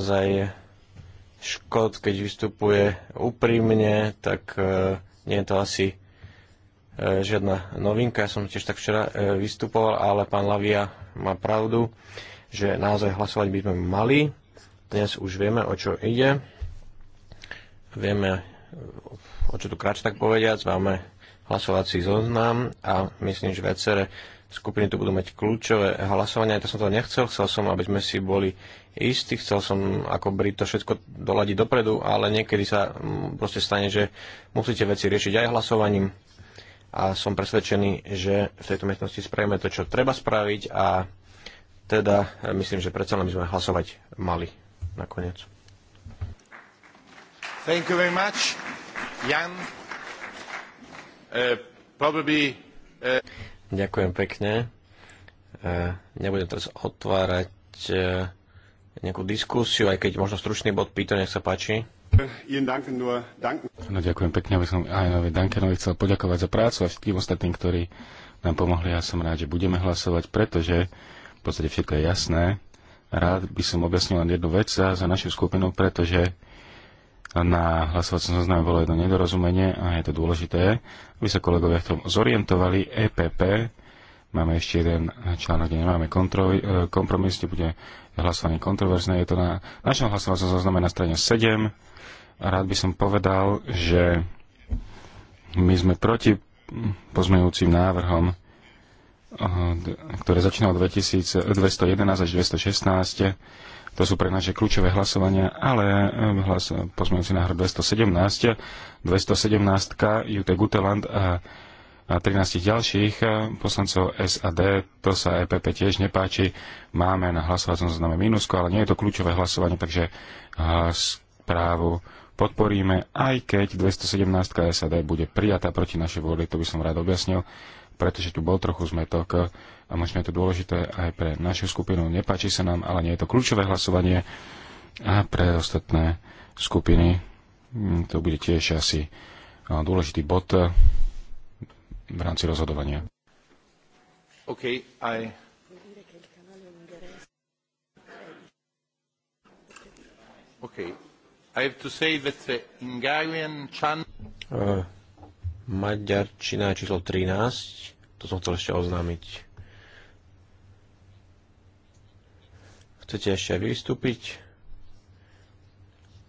naozaj škod, keď vystupuje úprimne, tak e, nie je to asi e, žiadna novinka. Ja som tiež tak včera e, vystupoval, ale pán Lavia má pravdu, že naozaj hlasovať by sme mali. Dnes už vieme, o čo ide. Vieme, o čo tu kráč tak povediac. Máme hlasovací zoznam a myslím, že viaceré skupiny tu budú mať kľúčové hlasovanie. Ja to som to nechcel, chcel som, aby sme si boli istí, chcel som ako Brit to všetko doladiť dopredu, ale niekedy sa mm, proste stane, že musíte veci riešiť aj hlasovaním a som presvedčený, že v tejto miestnosti spravíme to, čo treba spraviť a teda eh, myslím, že predsa len by sme hlasovať mali nakoniec. Thank you very much. Jan, uh, probably, uh... Ďakujem pekne. E, nebudem teraz otvárať e, nejakú diskusiu, aj keď možno stručný bod pýta, nech sa páči. No, ďakujem pekne, aby som aj Dankenovi chcel poďakovať za prácu a všetkým ostatným, ktorí nám pomohli. Ja som rád, že budeme hlasovať, pretože v podstate všetko je jasné. Rád by som objasnil len jednu vec za, za našu skupinu, pretože na hlasovacom zozname bolo jedno nedorozumenie a je to dôležité, aby sa kolegovia v tom zorientovali. EPP, máme ešte jeden článok, kde nemáme kontrol, e, kompromis, kde bude hlasovanie kontroverzné. Je to na našom hlasovacom zozname na strane 7. A rád by som povedal, že my sme proti pozmeňujúcim návrhom, e, ktoré začínalo od 2211 až 216 to sú pre naše kľúčové hlasovania, ale eh, hlas pozmeňujúci návrh 217, 217 Jute Guteland a a 13 ďalších eh, poslancov SAD, to sa EPP tiež nepáči. Máme na hlasovacom zozname mínusko, ale nie je to kľúčové hlasovanie, takže eh, správu podporíme, aj keď 217 SAD bude prijatá proti našej vôli, to by som rád objasnil, pretože tu bol trochu zmetok a možno je to dôležité aj pre našu skupinu. Nepáči sa nám, ale nie je to kľúčové hlasovanie a pre ostatné skupiny hm, to bude tiež asi eh, dôležitý bod eh, v rámci rozhodovania. Okay, I... Okay. I have to say that in Hungarian chan... Uh, Maďarčina číslo 13, to som chcel ešte oznámiť. Chcete ešte vystúpiť?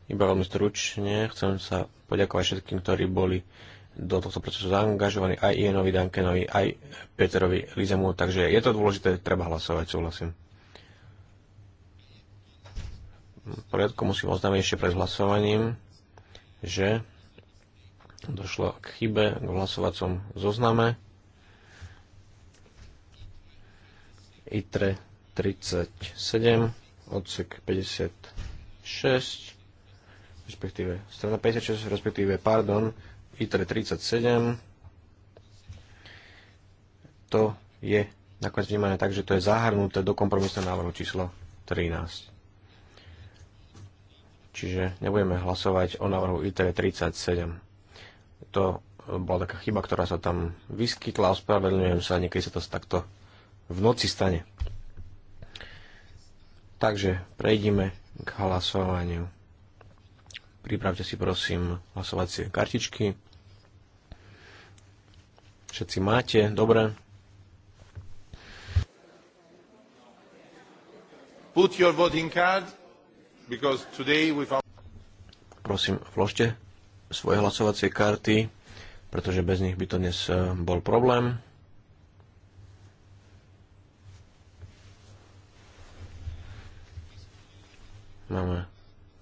Iba veľmi stručne. Chcem sa poďakovať všetkým, ktorí boli do tohto procesu zaangažovaní, aj Ianovi Dankenovi, aj Peterovi Lizemu, takže je to dôležité, treba hlasovať, súhlasím. V poriadku musím oznámiť ešte pred hlasovaním, že došlo k chybe v hlasovacom zozname. ITRE 37, odsek 56, respektíve strana 56, respektíve, pardon, ITRE 37. To je nakoniec vnímané tak, že to je zahrnuté do kompromisného návrhu číslo 13. Čiže nebudeme hlasovať o návrhu ITRE 37. To bola taká chyba, ktorá sa tam vyskytla, ospravedlňujem sa, niekedy sa to takto v noci stane. Takže prejdime k hlasovaniu. Pripravte si prosím hlasovacie kartičky. Všetci máte, dobre. Put your voting card, because today we found... Prosím, vložte svoje hlasovacie karty, pretože bez nich by to dnes eh, bol problém. Máme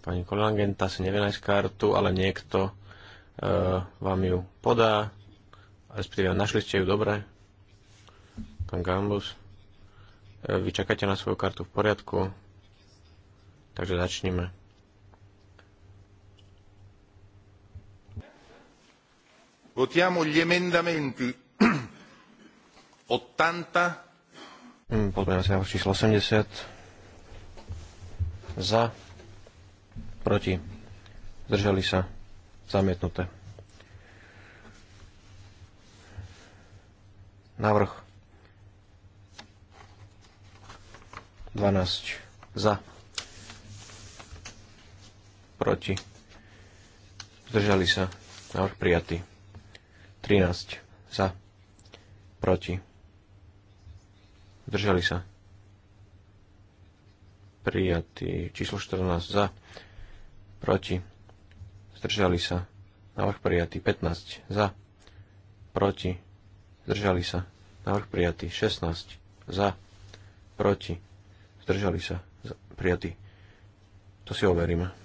pani Kolangenta, si nevie nájsť kartu, ale niekto e, vám ju podá, respektíve našli ste ju dobre, pán Gambus. E, vy čakáte na svoju kartu v poriadku, takže začnime. Votiamo gli emendamenti 80. Mm, Pozmeňujem sa číslo 80 za, proti, zdržali sa, zamietnuté. Návrh 12 za, proti, zdržali sa, návrh prijatý. 13 za, proti, zdržali sa, prijatý. Číslo 14 za, proti, zdržali sa. Návrh prijatý 15 za, proti, zdržali sa. Návrh prijatý 16 za, proti, zdržali sa. Prijatý. To si overíme.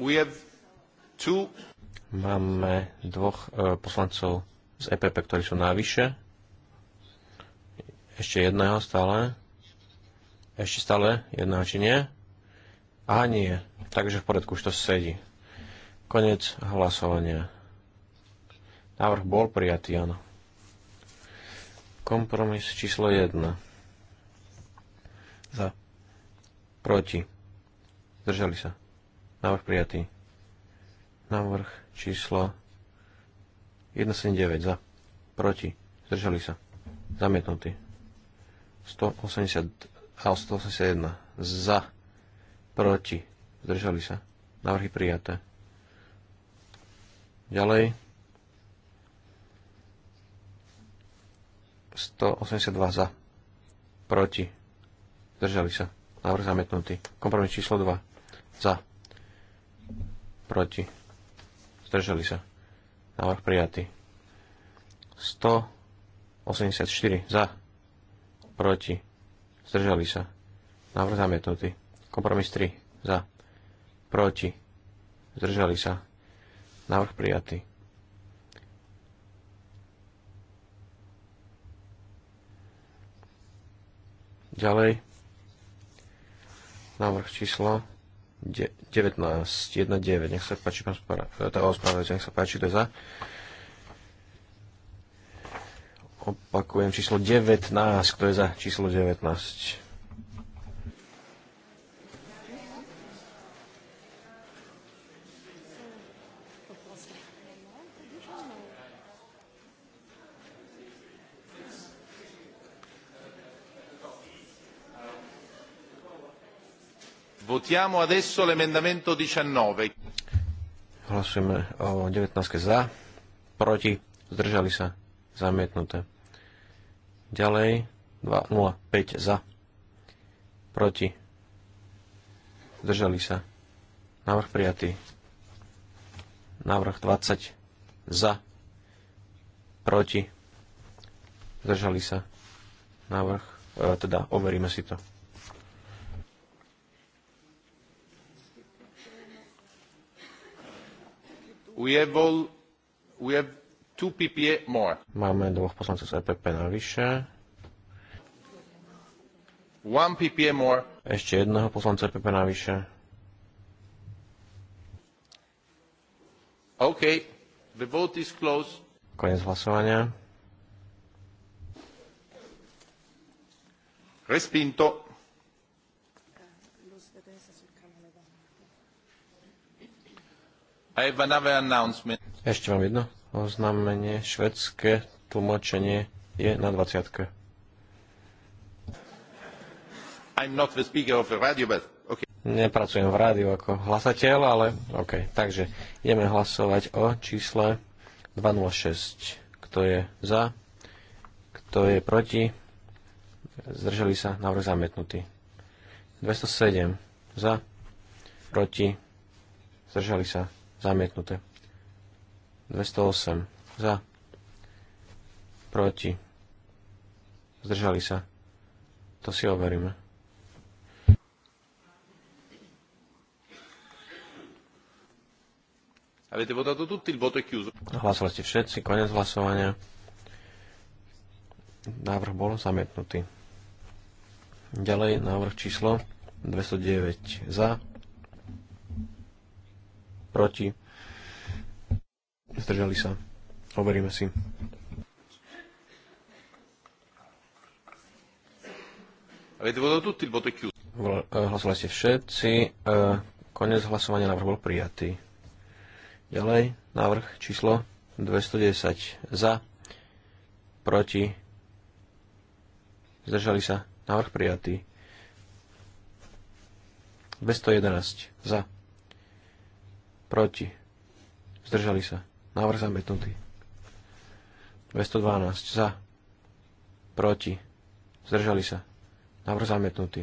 We have two Máme dvoch e, poslancov z EPP, ktorí sú navyše. Ešte jedného stále. Ešte stále jedného, či nie? A nie. Takže v poriadku, už to sedí. Konec hlasovania. Návrh bol prijatý, áno. Kompromis číslo 1. Za. Proti. Zdržali sa. Návrh prijatý. Návrh číslo 179 za. Proti. Zdržali sa. Zamietnutý. 180 a 181 za. Proti. Zdržali sa. Návrhy prijaté. Ďalej. 182 za. Proti. Zdržali sa. Návrh zamietnutý. Kompromis číslo 2. Za. Proti zdržali sa. Návrh prijatý. 184 za, proti, zdržali sa. Návrh zamietnutý. Kompromis 3 za, proti, zdržali sa. Návrh prijatý. Ďalej. Návrh číslo 19, 1, 9, Nech sa páči, pán spra- eh, tá ospravedlňa, nech sa páči, to je za. Opakujem číslo 19, kto je za číslo 19. Votiamo adesso l'emendamento 19. Hlasujeme o 19 za, proti, zdržali sa, zamietnuté. Ďalej 205 za, proti, zdržali sa, návrh prijatý. Návrh 20 za, proti, zdržali sa, návrh, e, teda overíme si to. Máme dvoch poslancov z EPP navyše. One PPA more. Ešte jedného poslanca EPP navyše. OK. The vote is closed. Koniec hlasovania. Respinto. Ešte mám jedno oznámenie. Švedské tlmočenie je na 20. I'm not the speaker of the radio, but okay. Nepracujem v rádiu ako hlasateľ, ale OK. Takže ideme hlasovať o čísle 206. Kto je za? Kto je proti? Zdržali sa? Návrh zamietnutý. 207. Za? Proti? Zdržali sa? Zamietnuté. 208 za. Proti. Zdržali sa. To si overíme. Avete Hlasovali ste všetci, konec hlasovania. Návrh bol zamietnutý. Ďalej návrh číslo 209 za, proti, zdržali sa. Overíme si. Eh, hlasovali ste všetci. Eh, Konec hlasovania návrh bol prijatý. Ďalej, návrh číslo 210 za, proti, zdržali sa, návrh prijatý. 211 za, proti, zdržali sa, návrh zamietnutý. 212 za, proti, zdržali sa, návrh zamietnutý.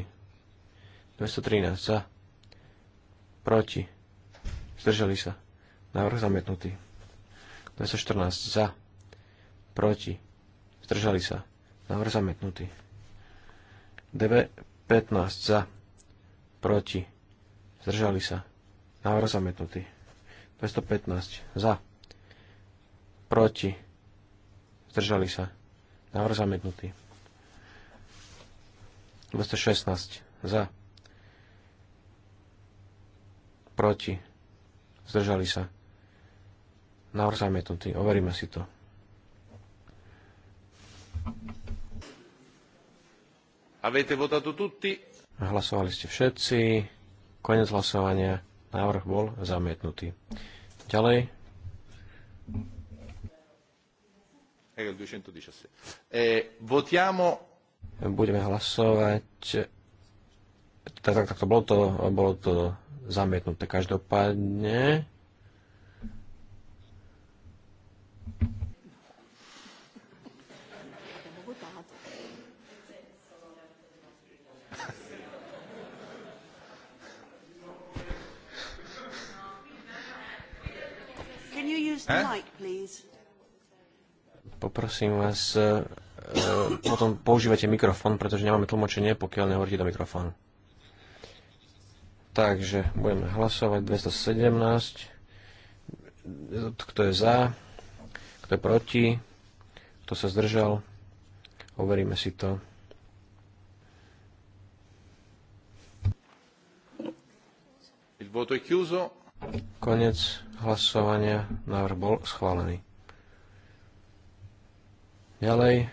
213 za, proti, zdržali sa, návrh zamietnutý. 214 za, proti, zdržali sa, návrh zamietnutý. 915. za, proti, zdržali sa, návrh zamietnutý. 215 za. Proti. Zdržali sa. Návrh zamietnutý. 216 za. Proti. Zdržali sa. Návrh zamietnutý. Overíme si to. Avete votato tutti? Hlasovali ste všetci. Konec hlasovania. Návrh bol zamietnutý. Ďalej. Budeme hlasovať. Tak, tak, tak to bolo to, bolo to zamietnuté každopádne. Poprosím vás, potom eh, eh, používajte mikrofón, pretože nemáme tlmočenie, pokiaľ nehovoríte do mikrofónu. Takže budeme hlasovať 217. Kto je za? Kto je proti? Kto sa zdržal? Overíme si to. Il voto è chiuso. Konec hlasovania. Návrh bol schválený. Ďalej.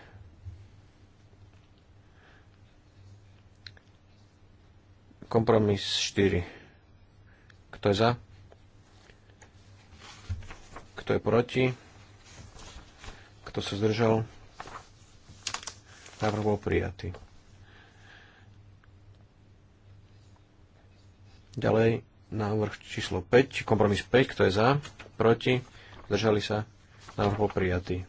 Kompromis 4. Kto je za? Kto je proti? Kto sa zdržal? Návrh bol prijatý. Ďalej návrh číslo 5, kompromis 5, kto je za, proti, zdržali sa, návrh bol prijatý.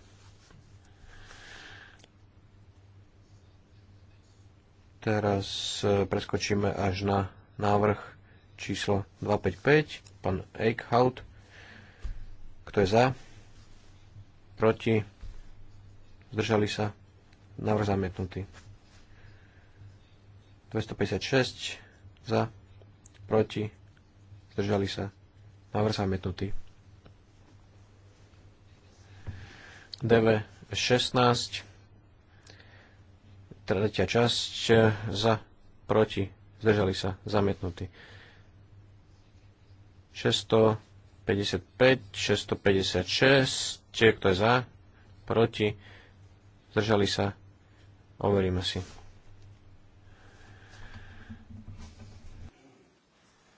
Teraz e, preskočíme až na návrh číslo 255, pán Eichhout, kto je za, proti, zdržali sa, návrh zamietnutý. 256 za, proti, Zdržali sa. Návrh zamietnutý. DV 16. Tretia časť. E, za. Proti. Zdržali sa. Zamietnutý. 655, 656, tie kto je za, proti, zdržali sa, overíme si.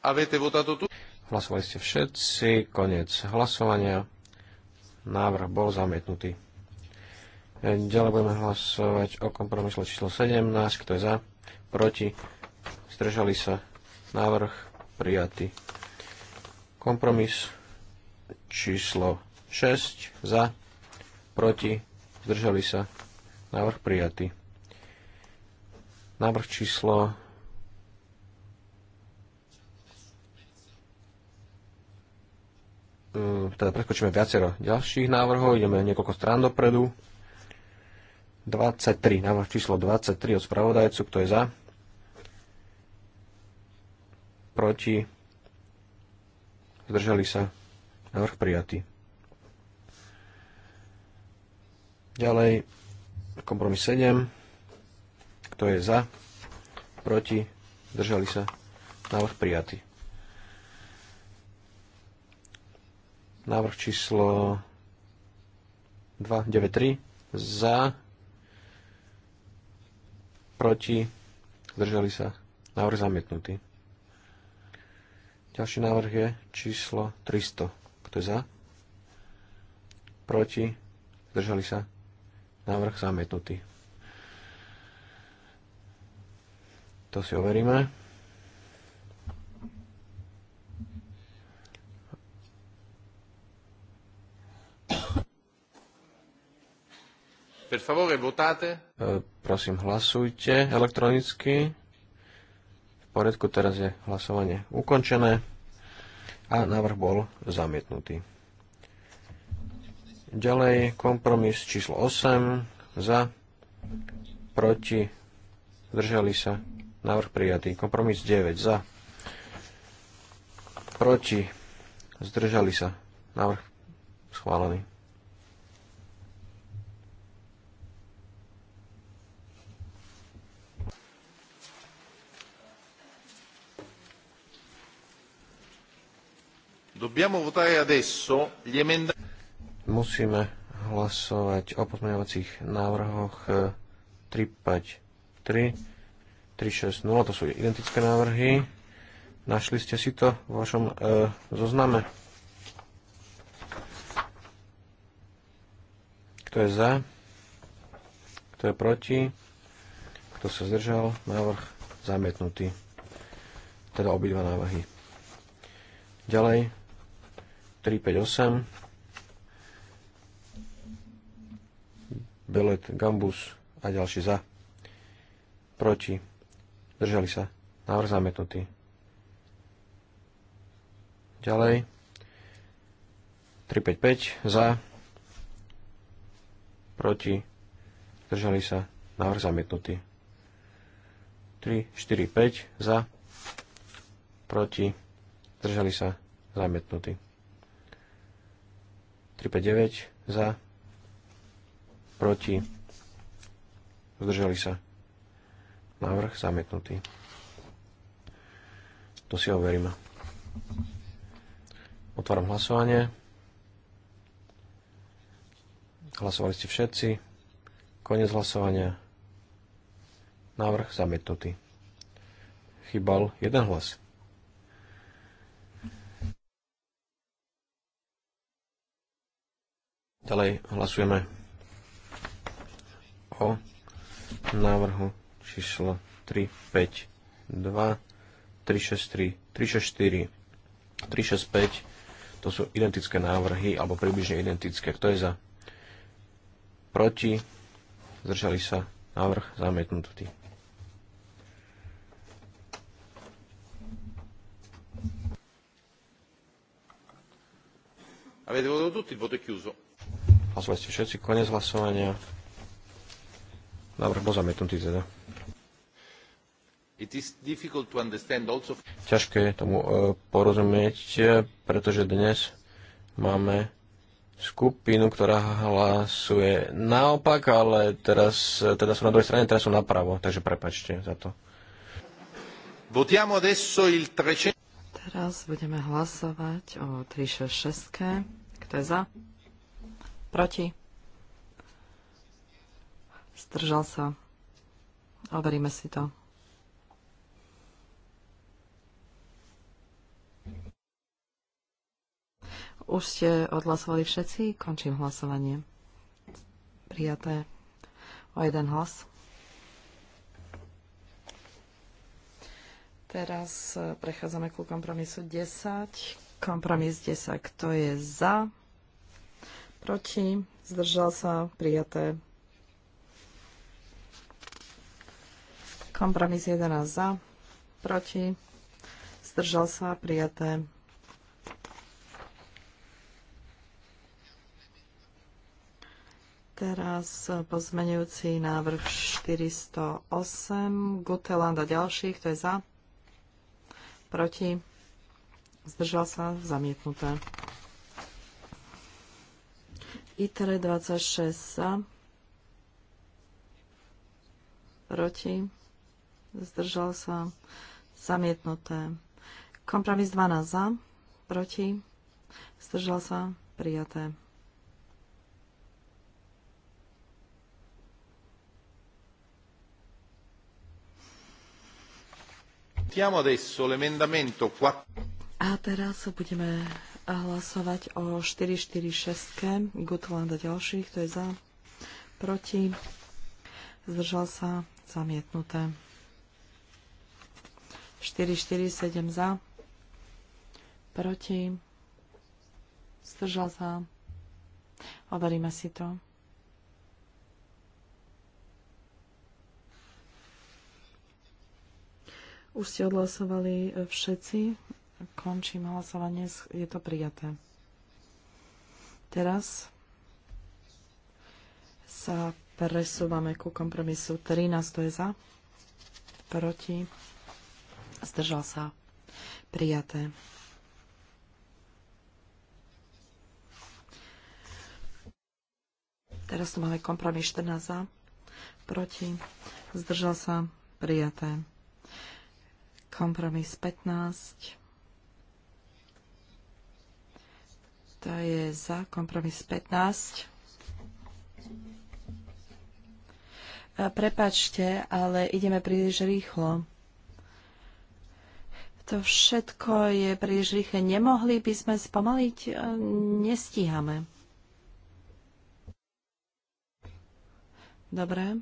Avete votato tu? Hlasovali ste všetci. Koniec hlasovania. Návrh bol zamietnutý. Ďalej budeme hlasovať o kompromisle číslo 17. Kto je za? Proti? Zdržali sa? Návrh prijatý. Kompromis číslo 6. Za? Proti? Zdržali sa? Návrh prijatý. Návrh číslo Ehm, teda preskočíme viacero ďalších návrhov, ideme niekoľko strán dopredu. 23, návrh číslo 23 od spravodajcu, kto je za? Proti? Zdržali sa? Návrh prijatý. Ďalej, kompromis 7. Kto je za? Proti? Zdržali sa? Návrh prijatý. Návrh číslo 293 za, proti, zdržali sa. Návrh zamietnutý. Ďalší návrh je číslo 300. Kto je za? Proti, zdržali sa. Návrh zamietnutý. To si overíme. Per favore, votate. E, prosím, hlasujte elektronicky. V poriadku teraz je hlasovanie ukončené a návrh bol zamietnutý. Ďalej kompromis číslo 8 za, proti, zdržali sa, návrh prijatý. Kompromis 9 za, proti, zdržali sa, návrh schválený. Musíme hlasovať o pozmeňovacích návrhoch 353, e, 360, to sú identické návrhy. Našli ste si to v vašom e, zozname? Kto je za? Kto je proti? Kto sa zdržal? Návrh zamietnutý. Teda obidva návrhy. Ďalej 358 Belet, Gambus a ďalší za proti držali sa návrh zametnutý ďalej 355 za proti držali sa návrh zametnutý. 3, 4, 5 za proti zdržali sa zamietnutí. 359 za, proti, zdržali sa. Návrh zamietnutý. To si overíme. Otváram hlasovanie. Hlasovali ste všetci. Konec hlasovania. Návrh zamietnutý. Chybal jeden hlas. Ďalej hlasujeme o návrhu číslo 3, 5, 2, 3, 6, 3, 3, 6, 4, 3, 6, 5. To sú identické návrhy, alebo približne identické. Kto je za? Proti? Zdržali sa? Návrh zamietnutý. Avete votato tutti, il voto è chiuso. Hlasovali ste všetci. Konec hlasovania. Návrh bol zamietnutý teda. Also... Ťažké je tomu e, porozumieť, pretože dnes máme skupinu, ktorá hlasuje naopak, ale teraz teda sú na druhej strane, teraz sú napravo, takže prepačte za to. Votiamo adesso il 300... Teraz budeme hlasovať o 366. Kto je za? Proti? Zdržal sa. Overíme si to. Už ste odhlasovali všetci? Končím hlasovanie. Prijaté o jeden hlas. Teraz eh, prechádzame ku kompromisu 10. Kompromis 10. Kto je za? proti, zdržal sa, prijaté. Kompromis 11 za, proti, zdržal sa, prijaté. Teraz pozmenujúci návrh 408 Guteland a ďalších, to je za, proti, zdržal sa, zamietnuté. ITRE 26 za, proti, zdržal sa, zamietnuté. Kompromis 12 za, proti, zdržal sa, prijaté. A teraz budeme hlasovať o 446 Gutland a ďalších. Kto je za? Proti? Zdržal sa? Zamietnuté. 447 za. Proti? Zdržal sa? Overíme si to. Už ste odhlasovali e, všetci. Končím hlasovanie, je to prijaté. Teraz sa presúvame ku kompromisu 13, to je za, proti, zdržal sa, prijaté. Teraz tu máme kompromis 14 za, proti, zdržal sa, prijaté. Kompromis 15 Kto je za kompromis 15? E, prepačte, ale ideme príliš rýchlo. To všetko je príliš rýchle. Nemohli by sme spomaliť? E, nestíhame. Dobre.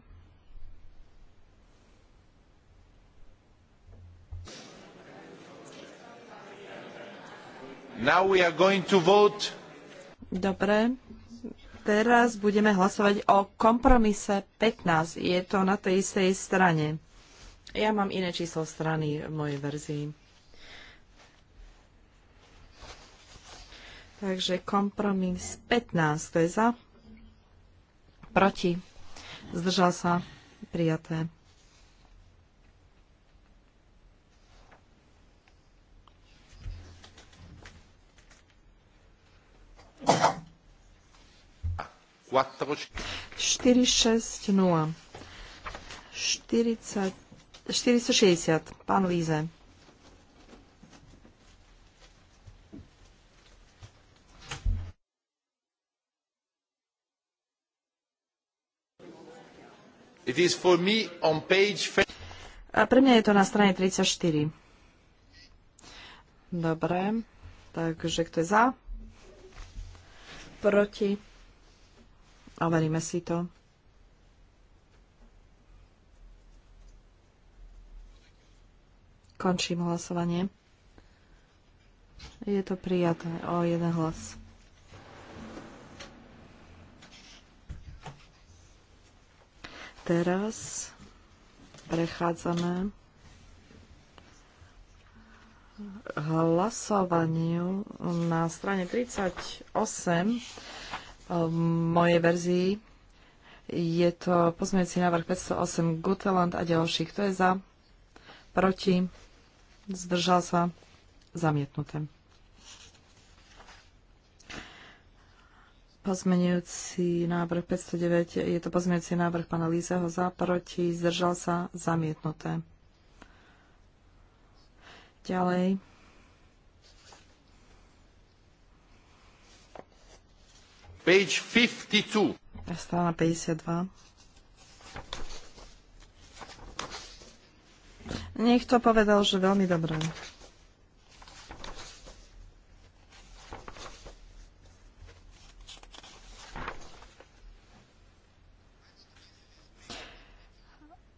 Dobre, teraz budeme hlasovať o kompromise 15. Je to na tej istej strane. Ja mám iné číslo strany v mojej verzii. Takže kompromis 15, to je za. Proti. Zdržal sa. Prijaté. 460. 40, 460. Pán Líze. It is for me on page... A pre mňa je to na strane 34. Dobre, takže kto je za? Proti? Overíme si to. Končím hlasovanie. Je to prijaté o jeden hlas. Teraz prechádzame hlasovaniu na strane 38 mojej verzii. Je to pozmeňujúci návrh 508 Guteland a ďalší. Kto je za? Proti? Zdržal sa? Zamietnuté. Pozmenujúci návrh 509, je to pozmenujúci návrh pana Lízeho za, proti, zdržal sa, zamietnuté. Ďalej. Page 52. Strana 52. Niekto povedal, že veľmi dobré. V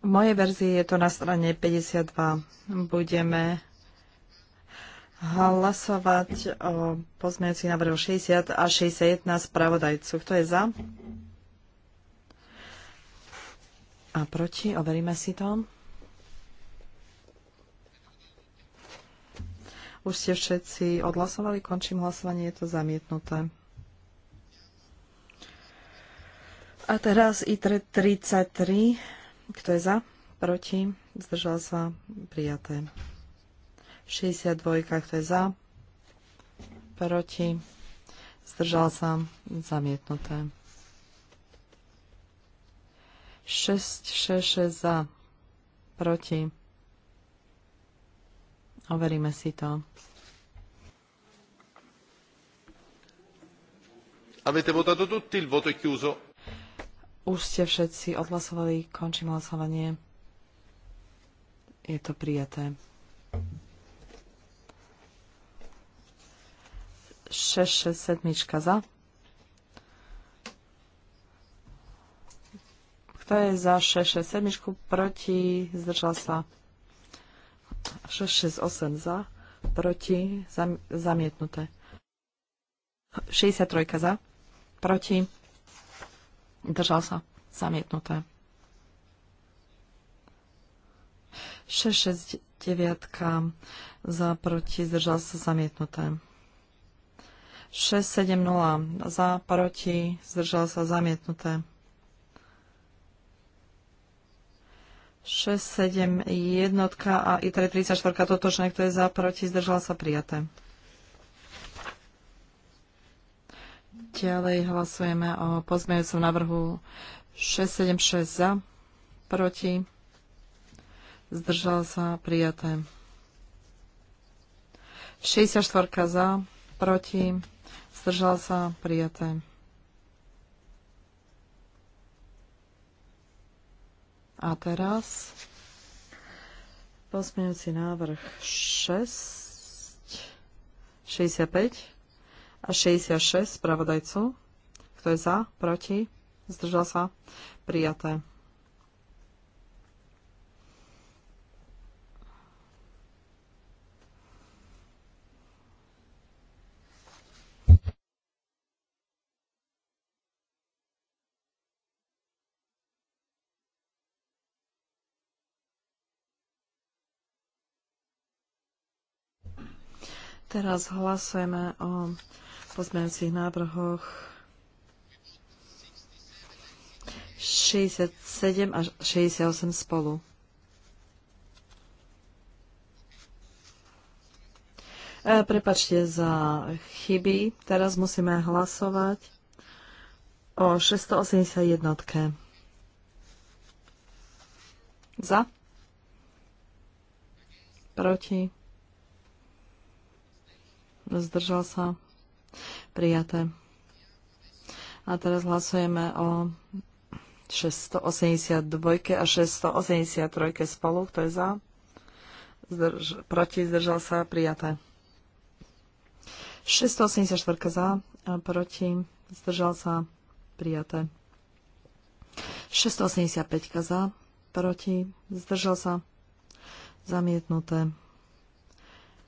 mojej verzii je to na strane 52. Budeme hlasovať o pozmeňujúci návrh 60 a 61 spravodajcu. Kto je za? A proti? Overíme si to. Už ste všetci odhlasovali, končím hlasovanie, je to zamietnuté. A teraz i 33. Kto je za? Proti? Zdržal sa? Prijaté. 62, kto je za, proti, zdržal sa, zamietnuté. 6, 6, 6 za, proti. Overíme si to. Avete votato tutti, il voto è chiuso. Už ste všetci odhlasovali, končím hlasovanie. Je to prijaté. 667 za. Kto je za 667 proti, zdržal sa 668 za, proti, zam, zamietnuté. 63 za, proti, držal sa, zamietnuté. 669 za, proti, zdržal sa, zamietnuté. 670 za, proti, zdržal sa zamietnuté. 6, 7, jednotka a i 34 totočné, kto je za, proti, zdržal sa prijaté. Ďalej hlasujeme o pozmejúcom návrhu 676 za, proti, zdržal sa prijaté. 64 za, proti, zdržal sa, prijaté. A teraz pozmeňujúci návrh 6, 65 a 66 spravodajcu. Kto je za, proti, zdržal sa, prijaté. Teraz hlasujeme o pozmeňujúcich návrhoch 67 až 68 spolu. E, prepačte za chyby. Teraz musíme hlasovať o 681. Za? Proti? zdržal sa, prijaté. A teraz hlasujeme o 682 a 683 spolu, kto je za, Zdrž, proti, zdržal sa, prijaté. 684 za, proti, zdržal sa, prijaté. 685 za, proti, zdržal sa, zamietnuté.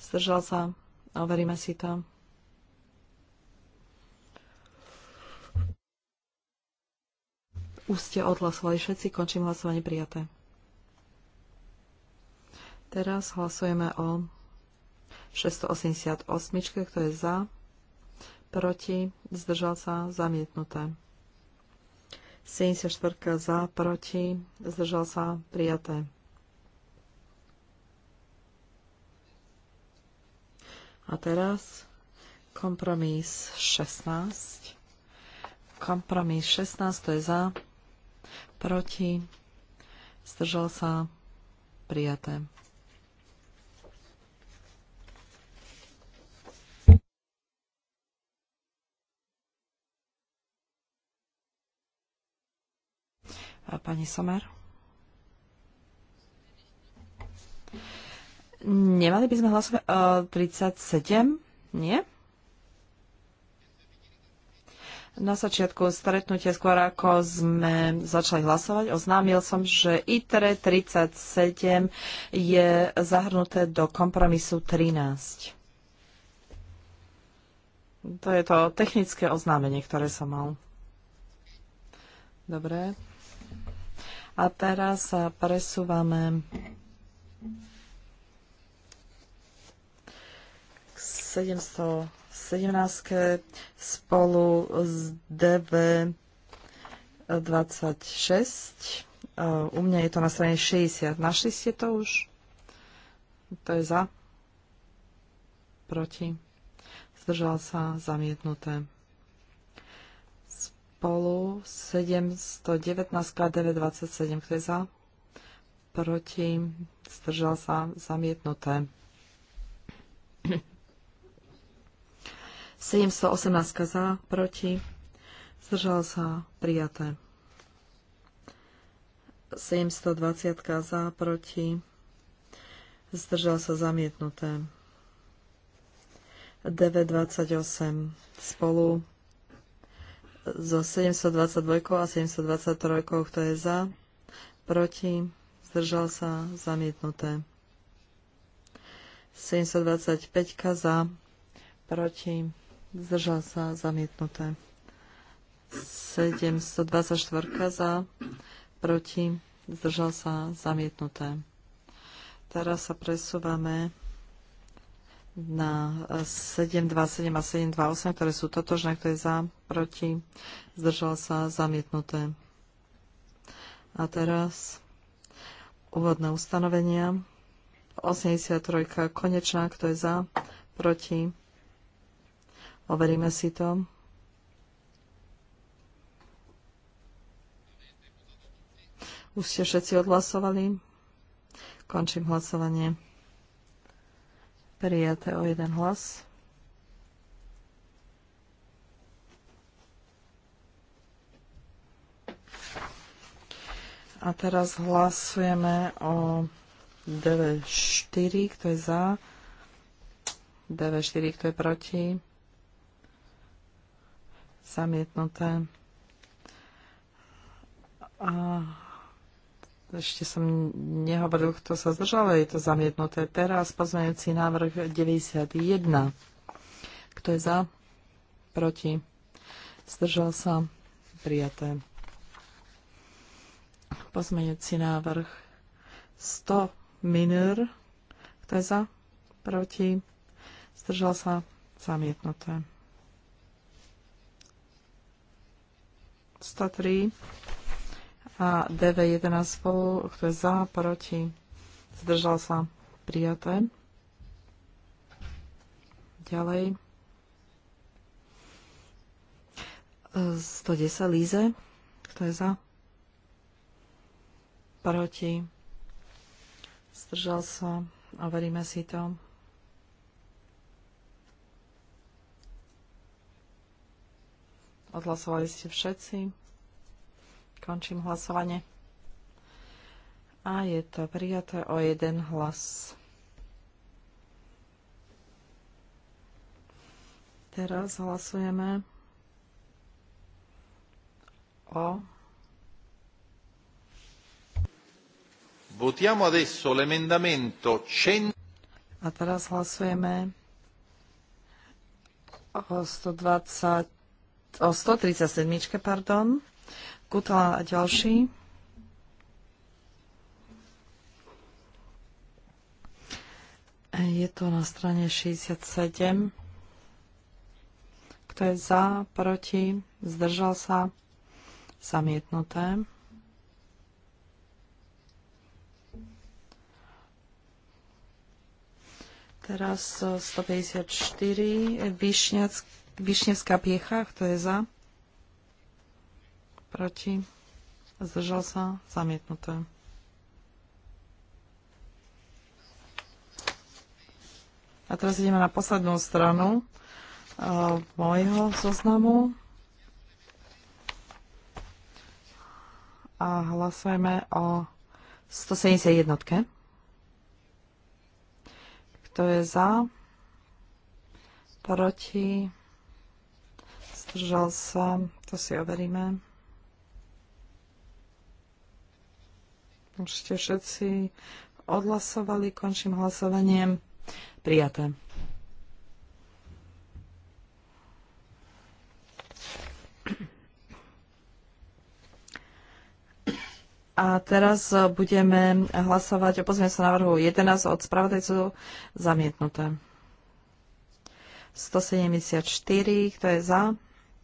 Zdržal sa. Overíme si to. Už ste odhlasovali všetci, končím hlasovanie prijaté. Teraz hlasujeme o 688, kto je za, proti, zdržal sa, zamietnuté. 74 za, proti, zdržal sa, prijaté. A teraz kompromis 16. Kompromis 16, to je za, proti, zdržal sa, prijaté. A pani Somer? Nemali by sme hlasovať uh, eh, 37? Nie? Na začiatku stretnutia, skôr ako sme začali hlasovať, oznámil som, že ITRE 37 je zahrnuté do kompromisu 13. To je to technické oznámenie, ktoré som mal. Dobre. A teraz sa presúvame 717 spolu s DV 26. U mňa je to na strane 60. Našli ste to už? To je za. Proti. Zdržal sa zamietnuté. Spolu 719 DV27. Kto je za? Proti. Zdržal sa zamietnuté. 718 za, proti, zdržal sa, prijaté. 720 za, proti, zdržal sa, zamietnuté. DV28 spolu so 722 a 723, kto je za, proti, zdržal sa, zamietnuté. 725 za, proti, zdržal sa zamietnuté. 724 za, proti, zdržal sa zamietnuté. Teraz sa presúvame na 727 e, a 728, ktoré sú totožné, kto je za, proti, zdržal sa zamietnuté. A teraz úvodné ustanovenia. 83. konečná, kto je za, proti, Overíme si to. Už ste všetci odhlasovali. Končím hlasovanie. Prijaté o jeden hlas. A teraz hlasujeme o DV4, kto je za, DV4, kto je proti zamietnuté. A ešte som nehovoril, kto sa zdržal, je to zamietnuté. Teraz pozmeňujúci návrh 91. Kto je za? Proti? Zdržal sa? Prijaté. Pozmeňujúci návrh 100 minúr. Kto je za? Proti? Zdržal sa? Zamietnuté. 103 a DV11 spolu, kto je za, proti, zdržal sa, prijaté. Ďalej. 110 Líze, kto je za, proti, zdržal sa, overíme si to. Odhlasovali ste všetci. Končím hlasovanie. A je to prijaté o jeden hlas. Teraz hlasujeme o Votiamo adesso l'emendamento 100 A teraz hlasujeme o 120 o 137, pardon, Kutala a ďalší. Je to na strane 67. Kto je za, proti, zdržal sa, zamietnuté. Teraz 154, Višňacký Višnevská piecha, kto je za? Proti? Zdržal sa? Zamietnuté. A teraz ideme na poslednú stranu uh, mojho zoznamu. A hlasujeme o 171. Kto je za? Proti? Zdržal sa. To si overíme. Už ste všetci odhlasovali. Končím hlasovanie. Prijaté. A teraz budeme hlasovať o sa návrhu 11 od spravodajcu zamietnuté. 174, kto je za?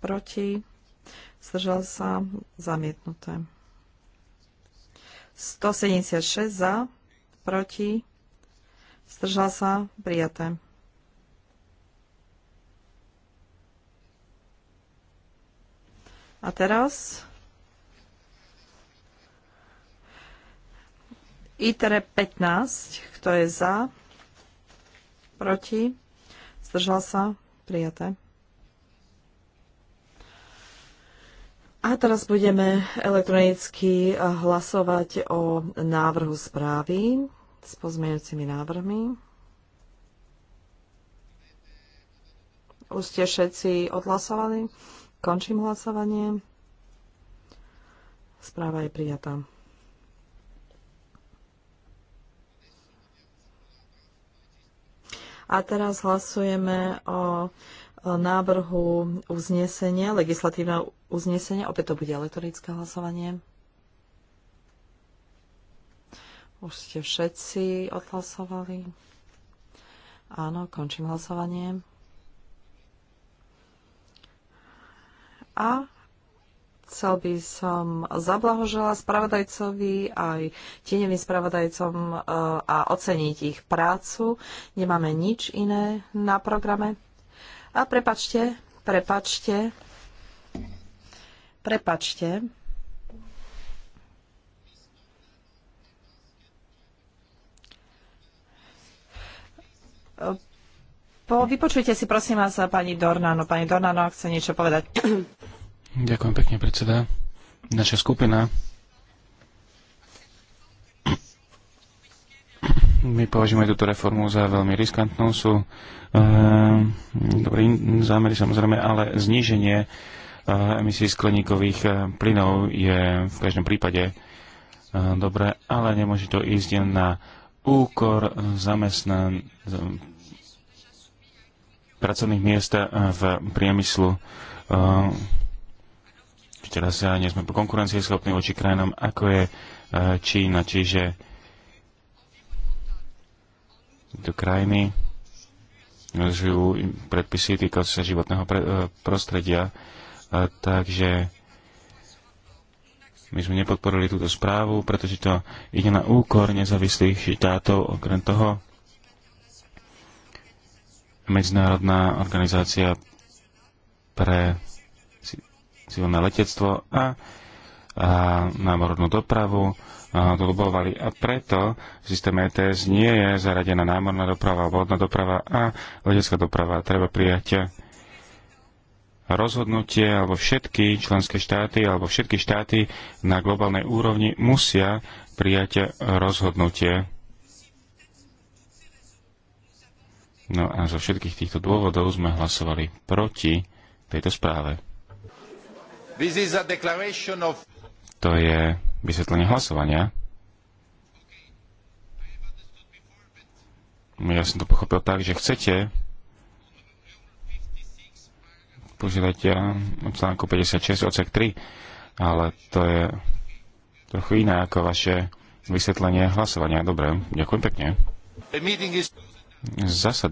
proti, zdržal sa, zamietnuté. 176 za, proti, zdržal sa, prijaté. A teraz ITRE 15, kto je za, proti, zdržal sa, prijaté. A teraz budeme elektronicky eh, hlasovať o návrhu správy s pozmeňujúcimi návrhmi. Už ste všetci odhlasovali. Končím hlasovanie. Správa je prijatá. A teraz hlasujeme o návrhu uznesenia, legislatívneho uznesenia. Opäť to bude elektronické hlasovanie. Už ste všetci odhlasovali. Áno, končím hlasovanie. A chcel by som zablahožela spravodajcovi aj tieňovým spravodajcom e, a oceniť ich prácu. Nemáme nič iné na programe. A prepačte, prepačte, prepačte. Po, vypočujte si prosím vás pani Dornano. Pani Dornano chce niečo povedať. Ďakujem pekne, predseda. Naša skupina My považujeme túto reformu za veľmi riskantnú. Sú e, eh, dobré zámery samozrejme, ale zníženie e, emisí skleníkových eh, plynov je v každom prípade e, dobré, ale nemôže to ísť len na úkor zamestnan pracovných miest v priemyslu. Čiže teraz nie sme konkurencieschopní voči krajinám, ako je Čína. Čiže do krajiny žijú predpisy týkajúce sa životného e, prostredia. E, takže my sme nepodporili túto správu, pretože to ide na úkor nezávislých štátov. Okrem toho, Medzinárodná organizácia pre civilné letectvo a a námornú dopravu, A preto v systéme ETS nie je zaradená námorná doprava, vodná doprava a letecká doprava. Treba prijať rozhodnutie, alebo všetky členské štáty, alebo všetky štáty na globálnej úrovni musia prijať rozhodnutie. No a zo všetkých týchto dôvodov sme hlasovali proti tejto správe. Of to je vysvetlenie hlasovania. Ja som to pochopil tak, že chcete požiadať ja článku 56 odsek 3, ale to je trochu iné ako vaše vysvetlenie hlasovania. Dobre, ďakujem pekne. Zasad